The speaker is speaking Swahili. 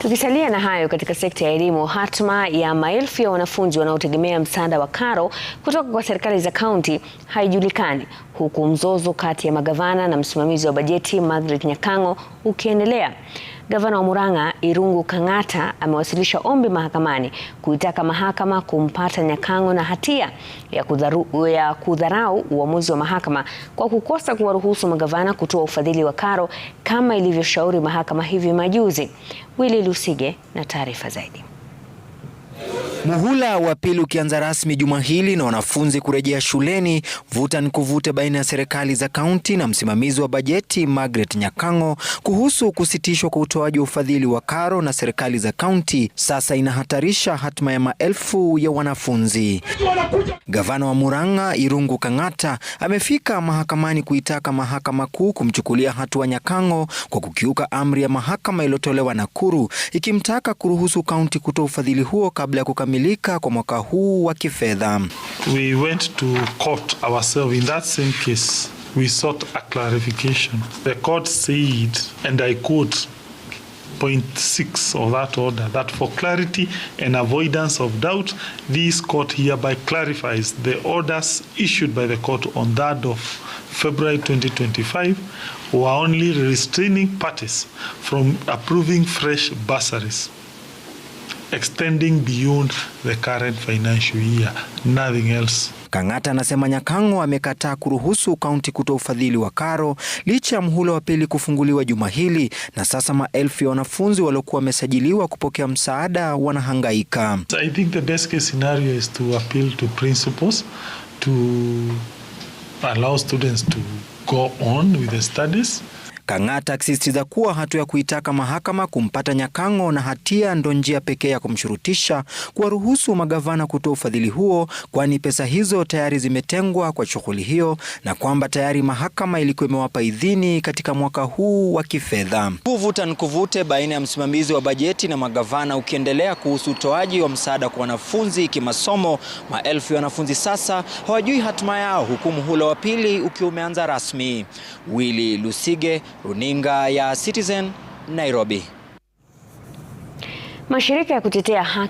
Tukisalia na hayo katika sekta ya elimu, hatma ya maelfu ya wanafunzi wanaotegemea msaada wa karo kutoka kwa serikali za kaunti haijulikani, huku mzozo kati ya magavana na msimamizi wa bajeti Margaret Nyakango ukiendelea. Gavana wa Murang'a Irungu Kang'ata amewasilisha ombi mahakamani kuitaka mahakama kumpata Nyakang'o na hatia ya, kudharu, ya kudharau uamuzi wa mahakama kwa kukosa kuwaruhusu magavana kutoa ufadhili wa karo kama ilivyoshauri mahakama hivi majuzi. Willy Lusige na taarifa zaidi. Muhula wa pili ukianza rasmi juma hili na wanafunzi kurejea shuleni, vuta ni kuvute baina ya serikali za kaunti na msimamizi wa bajeti Margaret Nyakango kuhusu kusitishwa kwa utoaji wa ufadhili wa karo na serikali za kaunti sasa inahatarisha hatima ya maelfu ya wanafunzi. Gavana wa Murang'a Irungu Kang'ata amefika mahakamani kuitaka mahakama kuu kumchukulia hatua Nyakango kwa kukiuka amri ya mahakama iliyotolewa Nakuru ikimtaka kuruhusu kaunti kutoa ufadhili huo kabla ya kukamilika kwa mwaka huu wa kifedha. We went to court ourselves in that same case. We sought a clarification. The court said, and I quote, point 6 of that order, that for clarity and avoidance of doubt, this court hereby clarifies the orders issued by the court on that of February 2025 were only restraining parties from approving fresh bursaries extending beyond the current financial year, nothing else. Kang'ata anasema Nyakang'o amekataa kuruhusu kaunti kutoa ufadhili wa karo licha ya mhula wa pili kufunguliwa juma hili, na sasa maelfu ya wanafunzi waliokuwa wamesajiliwa kupokea msaada wanahangaika. I think the best case scenario is to appeal to principals to allow students to go on with the studies. Kang'ata akisisitiza kuwa hatua ya kuitaka mahakama kumpata Nyakang'o na hatia ndo njia pekee ya kumshurutisha kuwaruhusu magavana kutoa ufadhili huo, kwani pesa hizo tayari zimetengwa kwa shughuli hiyo na kwamba tayari mahakama ilikuwa imewapa idhini katika mwaka huu wa kifedha. Kuvuta nikuvute baina ya msimamizi wa bajeti na magavana ukiendelea kuhusu utoaji wa msaada kwa wanafunzi kimasomo. Maelfu ya wanafunzi sasa hawajui hatima yao, huku muhula wa pili ukiwa umeanza rasmi. Willy Lusige Runinga ya Citizen, Nairobi. Mashirika ya kutetea haki